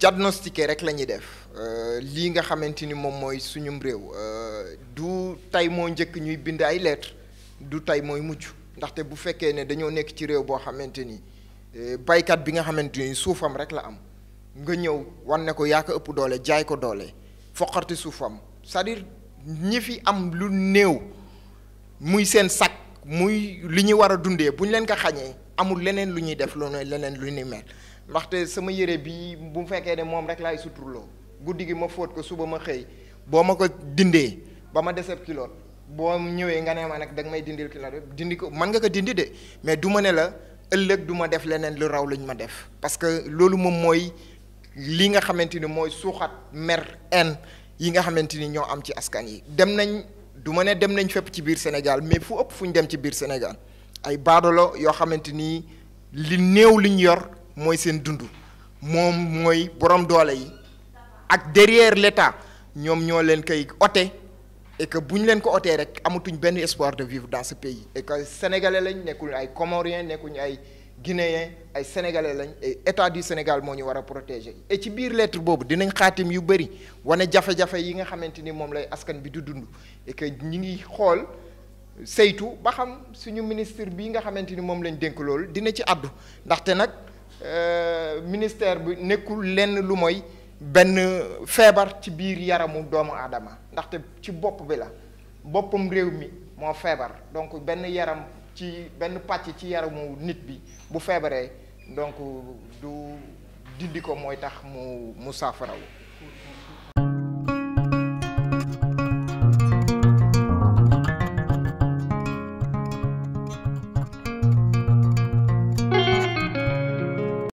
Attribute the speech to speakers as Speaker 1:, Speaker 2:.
Speaker 1: diagnostiqué rek la ñuy def euh, lii nga xamante ni moom mooy suñum réew euh, du tey moo njëkk ñuy bind ay lettres du tey mooy mucc ndaxte bu fekkee ne dañoo nekk ci réew boo xamante ni euh, baykat bi nga xamante ni suufam rek la am nga ñëw wan ne ko yaa ko ëpp doole jaay ko doole foqarti suufam cest à ñi fi am lu néew muy seen sac muy li ñuy war a dundee bu ñu leen ko xañee amul leneen lu ñuy def lu ne leneen lu ñuy mel. ndaxte sama yére bi bu mu fekkee ne moom rek laay suturloo guddi gi ma fóot ko suba ma xëy boo ma ko dindee ba ma deseb kiloot boo ñëwee nga ne ma nag da may dindil kiloot dindi ko nga ko dindi de mais du ma ne la ëllëg du ma def leneen lu raw lañ ma def parce que loolu moom mooy li nga xamante ni mooy suuxat mer en yi nga xamante ni ñoo am ci askan yi dem nañ du ma ne dem nañ fépp ci biir Sénégal mais fu ëpp fu ñu dem ci biir Sénégal ay baadolo yoo xamante ni li néew liñ yor mooy seen dund moom mooy borom doole yi ak derrière l'État ñoom ñoo leen koy ote et que bu ñu leen ko otee rek amatuñ benn espoir de vivre dans ce pays et que sénégalais lañ nekkul ay comoriens nekkuñ ay guinéens ay sénégalais lañ et état du Sénégal moo ñu war a protéger ci biir lettre boobu dinañ xaatim yu bëri wane jafe-jafe yi nga xamante ni moom lay askan bi du dund et que ngi xool saytu ba xam suñu ministre bii nga xamante ni moom lañ dénk loolu dina ci àddu ndaxte nag. Euh, ministère bi nekkul lenn lu mooy benn feebar ci biir yaramu doomu aadama ndaxte ci bopp bi la boppam réew mi moo feebar donc benn yaram ci benn pàcc ci yaramu nit bi bu feebaree donc du dindi ko mooy tax mu mu saafarawu